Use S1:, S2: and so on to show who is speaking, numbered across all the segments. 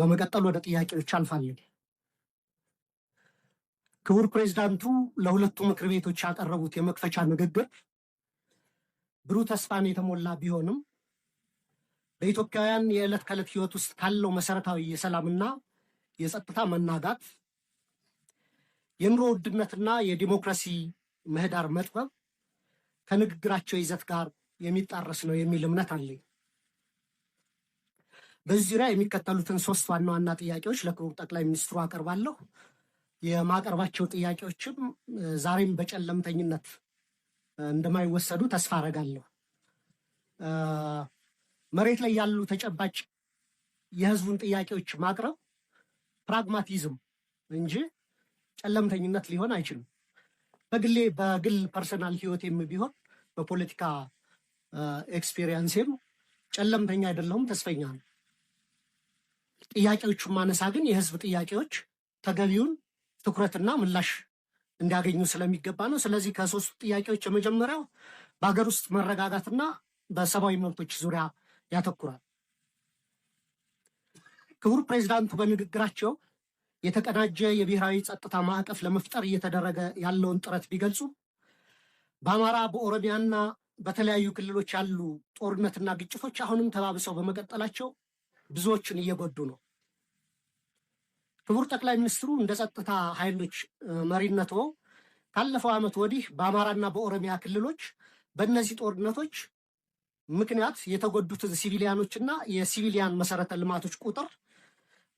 S1: በመቀጠል ወደ ጥያቄዎች አልፋለን። ክቡር ፕሬዚዳንቱ ለሁለቱ ምክር ቤቶች ያቀረቡት የመክፈቻ ንግግር ብሩህ ተስፋን የተሞላ ቢሆንም በኢትዮጵያውያን የዕለት ከዕለት ሕይወት ውስጥ ካለው መሰረታዊ የሰላምና የጸጥታ መናጋት፣ የኑሮ ውድነትና የዲሞክራሲ ምህዳር መጥበብ ከንግግራቸው ይዘት ጋር የሚጣረስ ነው የሚል እምነት አለኝ። በዚህ ዙሪያ የሚከተሉትን ሶስት ዋና ዋና ጥያቄዎች ለክቡር ጠቅላይ ሚኒስትሩ አቀርባለሁ። የማቀርባቸው ጥያቄዎችም ዛሬም በጨለምተኝነት እንደማይወሰዱ ተስፋ አረጋለሁ። መሬት ላይ ያሉ ተጨባጭ የህዝቡን ጥያቄዎች ማቅረብ ፕራግማቲዝም እንጂ ጨለምተኝነት ሊሆን አይችልም። በግሌ በግል ፐርሰናል ህይወቴም ቢሆን በፖለቲካ ኤክስፔሪየንሴም ጨለምተኛ አይደለሁም፣ ተስፈኛ ነው። ጥያቄዎቹን ማነሳ ግን የህዝብ ጥያቄዎች ተገቢውን ትኩረትና ምላሽ እንዲያገኙ ስለሚገባ ነው። ስለዚህ ከሶስቱ ጥያቄዎች የመጀመሪያው በሀገር ውስጥ መረጋጋትና በሰብአዊ መብቶች ዙሪያ ያተኩራል። ክቡር ፕሬዚዳንቱ በንግግራቸው የተቀናጀ የብሔራዊ ጸጥታ ማዕቀፍ ለመፍጠር እየተደረገ ያለውን ጥረት ቢገልጹ በአማራ በኦሮሚያና በተለያዩ ክልሎች ያሉ ጦርነትና ግጭቶች አሁንም ተባብሰው በመቀጠላቸው ብዙዎችን እየጎዱ ነው። ክቡር ጠቅላይ ሚኒስትሩ እንደ ጸጥታ ኃይሎች መሪነቶ ካለፈው ዓመት ወዲህ በአማራና በኦሮሚያ ክልሎች በእነዚህ ጦርነቶች ምክንያት የተጎዱትን ሲቪሊያኖችና የሲቪሊያን መሰረተ ልማቶች ቁጥር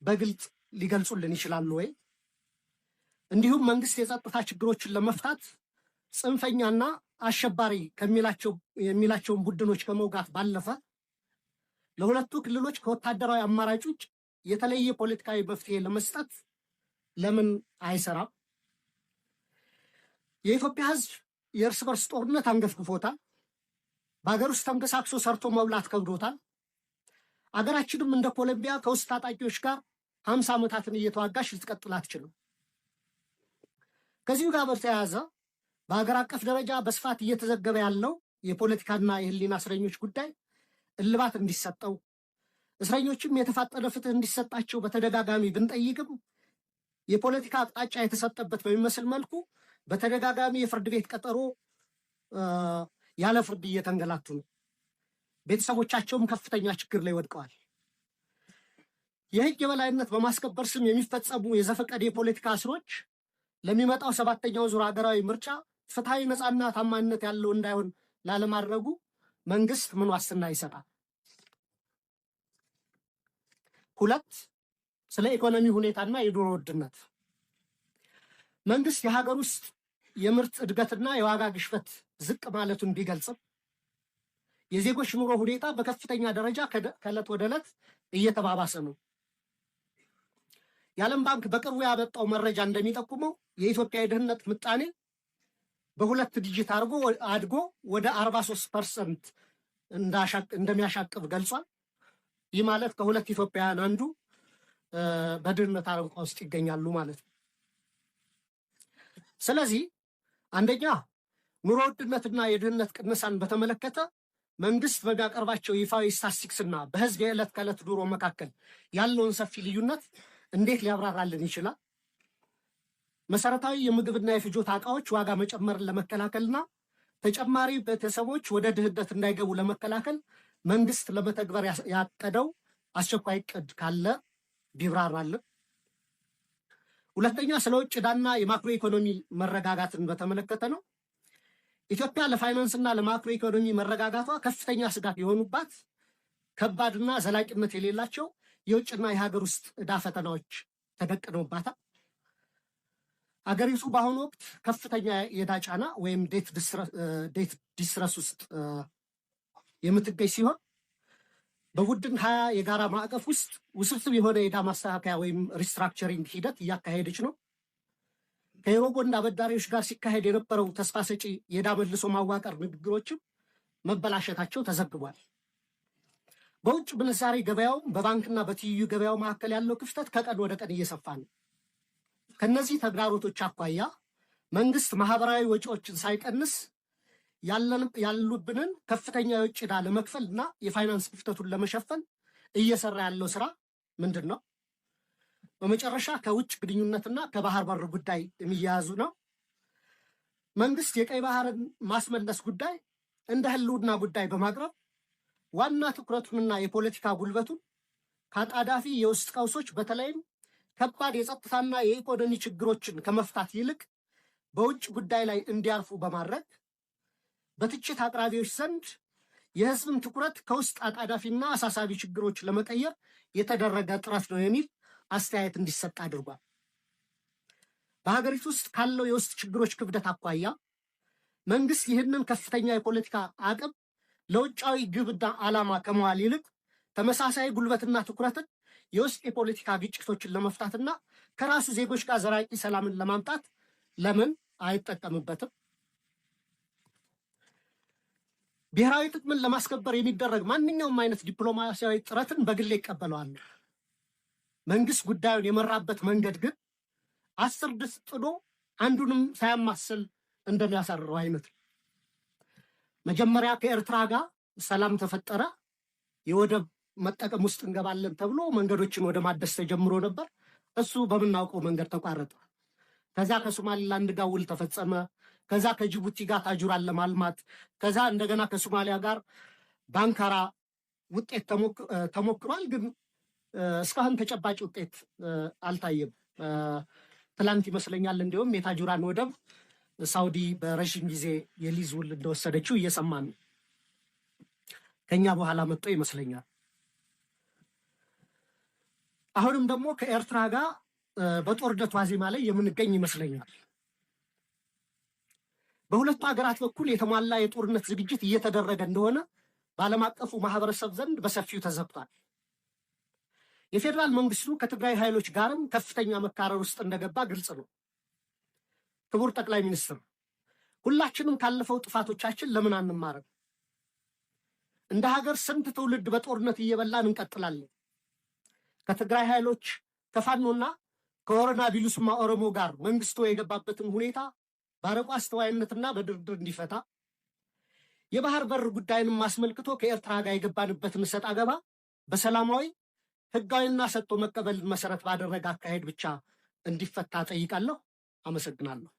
S1: በግልጽ ሊገልጹልን ይችላሉ ወይ? እንዲሁም መንግስት የጸጥታ ችግሮችን ለመፍታት ጽንፈኛና አሸባሪ የሚላቸውን ቡድኖች ከመውጋት ባለፈ ለሁለቱ ክልሎች ከወታደራዊ አማራጭ ውጭ የተለየ ፖለቲካዊ መፍትሄ ለመስጠት ለምን አይሰራም? የኢትዮጵያ ሕዝብ የእርስ በርስ ጦርነት አንገፍግፎታል። በሀገር ውስጥ ተንቀሳቅሶ ሰርቶ መብላት ከብዶታል። አገራችንም እንደ ኮሎምቢያ ከውስጥ ታጣቂዎች ጋር ሀምሳ ዓመታትን እየተዋጋሽ ልትቀጥል አትችልም። ከዚሁ ጋር በተያያዘ በሀገር አቀፍ ደረጃ በስፋት እየተዘገበ ያለው የፖለቲካና የህሊና እስረኞች ጉዳይ እልባት እንዲሰጠው እስረኞችም የተፋጠነ ፍትህ እንዲሰጣቸው በተደጋጋሚ ብንጠይቅም የፖለቲካ አቅጣጫ የተሰጠበት በሚመስል መልኩ በተደጋጋሚ የፍርድ ቤት ቀጠሮ ያለ ፍርድ እየተንገላቱ ነው። ቤተሰቦቻቸውም ከፍተኛ ችግር ላይ ወድቀዋል። የህግ የበላይነት በማስከበር ስም የሚፈጸሙ የዘፈቀድ የፖለቲካ እስሮች ለሚመጣው ሰባተኛው ዙር ሀገራዊ ምርጫ ፍትሐዊ ነፃና ታማኝነት ያለው እንዳይሆን ላለማድረጉ መንግስት ምን ዋስትና ይሰጣል? ሁለት ስለ ኢኮኖሚ ሁኔታና የኑሮ ውድነት መንግስት የሀገር ውስጥ የምርት እድገትና የዋጋ ግሽበት ዝቅ ማለቱን ቢገልጽም የዜጎች ኑሮ ሁኔታ በከፍተኛ ደረጃ ከዕለት ወደ ዕለት እየተባባሰ ነው። የዓለም ባንክ በቅርቡ ያመጣው መረጃ እንደሚጠቁመው የኢትዮጵያ የድህነት ምጣኔ በሁለት ዲጂት አድጎ ወደ አርባ ሶስት ፐርሰንት እንደሚያሻቅብ ገልጿል። ይህ ማለት ከሁለት ኢትዮጵያውያን አንዱ በድህነት አረንቋ ውስጥ ይገኛሉ ማለት ነው። ስለዚህ አንደኛ ኑሮ ውድነትና የድህነት ቅነሳን በተመለከተ መንግስት በሚያቀርባቸው ይፋዊ ስታስቲክስና በህዝብ የዕለት ከዕለት ኑሮ መካከል ያለውን ሰፊ ልዩነት እንዴት ሊያብራራልን ይችላል? መሰረታዊ የምግብና የፍጆታ እቃዎች ዋጋ መጨመርን ለመከላከልና ተጨማሪ ቤተሰቦች ወደ ድህነት እንዳይገቡ ለመከላከል መንግስት ለመተግበር ያቀደው አስቸኳይ እቅድ ካለ ቢብራራልን። ሁለተኛ ስለ ውጭ ዕዳና የማክሮ ኢኮኖሚ መረጋጋትን በተመለከተ ነው። ኢትዮጵያ ለፋይናንስና ለማክሮ ኢኮኖሚ መረጋጋቷ ከፍተኛ ስጋት የሆኑባት ከባድና ዘላቂነት የሌላቸው የውጭና የሀገር ውስጥ ዕዳ ፈተናዎች ተደቅነውባታል። አገሪቱ በአሁኑ ወቅት ከፍተኛ የዕዳ ጫና ወይም ዴት ዲስረስ ውስጥ የምትገኝ ሲሆን በቡድን ሀያ የጋራ ማዕቀፍ ውስጥ ውስብስብ የሆነ የዕዳ ማስተካከያ ወይም ሪስትራክቸሪንግ ሂደት እያካሄደች ነው። ከዩሮ አበዳሪዎች ጋር ሲካሄድ የነበረው ተስፋ ሰጪ የዕዳ መልሶ ማዋቀር ንግግሮችም መበላሸታቸው ተዘግቧል። በውጭ ምንዛሬ ገበያው በባንክና በትይዩ ገበያው መካከል ያለው ክፍተት ከቀን ወደ ቀን እየሰፋ ነው። ከእነዚህ ተግዳሮቶች አኳያ መንግስት ማህበራዊ ወጪዎችን ሳይቀንስ ያሉብንን ከፍተኛ የውጭ ዕዳ ለመክፈል እና የፋይናንስ ክፍተቱን ለመሸፈን እየሰራ ያለው ስራ ምንድን ነው? በመጨረሻ ከውጭ ግንኙነትና ከባህር በር ጉዳይ የሚያያዙ ነው። መንግስት የቀይ ባህርን ማስመለስ ጉዳይ እንደ ህልውና ጉዳይ በማቅረብ ዋና ትኩረቱንና የፖለቲካ ጉልበቱን ከአጣዳፊ የውስጥ ቀውሶች በተለይም ከባድ የጸጥታና የኢኮኖሚ ችግሮችን ከመፍታት ይልቅ በውጭ ጉዳይ ላይ እንዲያርፉ በማድረግ በትችት አቅራቢዎች ዘንድ የህዝብን ትኩረት ከውስጥ አጣዳፊና አሳሳቢ ችግሮች ለመቀየር የተደረገ ጥረት ነው የሚል አስተያየት እንዲሰጥ አድርጓል። በሀገሪቱ ውስጥ ካለው የውስጥ ችግሮች ክብደት አኳያ መንግስት ይህንን ከፍተኛ የፖለቲካ አቅም ለውጫዊ ግብና ዓላማ ከመዋል ይልቅ ተመሳሳይ ጉልበትና ትኩረትን የውስጥ የፖለቲካ ግጭቶችን ለመፍታትና ከራሱ ዜጎች ጋር ዘራቂ ሰላምን ለማምጣት ለምን አይጠቀምበትም? ብሔራዊ ጥቅምን ለማስከበር የሚደረግ ማንኛውም አይነት ዲፕሎማሲያዊ ጥረትን በግሌ ይቀበለዋለሁ። መንግስት ጉዳዩን የመራበት መንገድ ግን አስር ድስት ጥዶ አንዱንም ሳያማስል እንደሚያሳርረው አይነት ነው። መጀመሪያ ከኤርትራ ጋር ሰላም ተፈጠረ፣ የወደብ መጠቀም ውስጥ እንገባለን ተብሎ መንገዶችን ወደ ማደስ ተጀምሮ ነበር። እሱ በምናውቀው መንገድ ተቋረጠ። ከዚያ ከሶማሌላንድ ጋር ውል ተፈጸመ። ከዛ ከጅቡቲ ጋር ታጁራን ለማልማት ከዛ እንደገና ከሶማሊያ ጋር በአንካራ ውጤት ተሞክሯል፣ ግን እስካሁን ተጨባጭ ውጤት አልታየም። ትላንት ይመስለኛል እንዲሁም የታጁራን ወደብ ሳውዲ በረዥም ጊዜ የሊዝ ውል እንደወሰደችው እየሰማን ነው። ከኛ በኋላ መጥቶ ይመስለኛል። አሁንም ደግሞ ከኤርትራ ጋር በጦርነት ዋዜማ ላይ የምንገኝ ይመስለኛል። በሁለቱ ሀገራት በኩል የተሟላ የጦርነት ዝግጅት እየተደረገ እንደሆነ በዓለም አቀፉ ማህበረሰብ ዘንድ በሰፊው ተዘብቷል። የፌዴራል መንግስቱ ከትግራይ ኃይሎች ጋርም ከፍተኛ መካረር ውስጥ እንደገባ ግልጽ ነው። ክቡር ጠቅላይ ሚኒስትር፣ ሁላችንም ካለፈው ጥፋቶቻችን ለምን አንማርም? እንደ ሀገር ስንት ትውልድ በጦርነት እየበላን እንቀጥላለን? ከትግራይ ኃይሎች ከፋኖና ከወረዳ ቢሉስማ ኦሮሞ ጋር መንግስቶ የገባበትን ሁኔታ ባረቆ አስተዋይነትና በድርድር እንዲፈታ የባህር በር ጉዳይንም አስመልክቶ ከኤርትራ ጋር የገባንበትን እሰጥ አገባ በሰላማዊ ህጋዊና ሰጥቶ መቀበል መሰረት ባደረገ አካሄድ ብቻ እንዲፈታ ጠይቃለሁ። አመሰግናለሁ።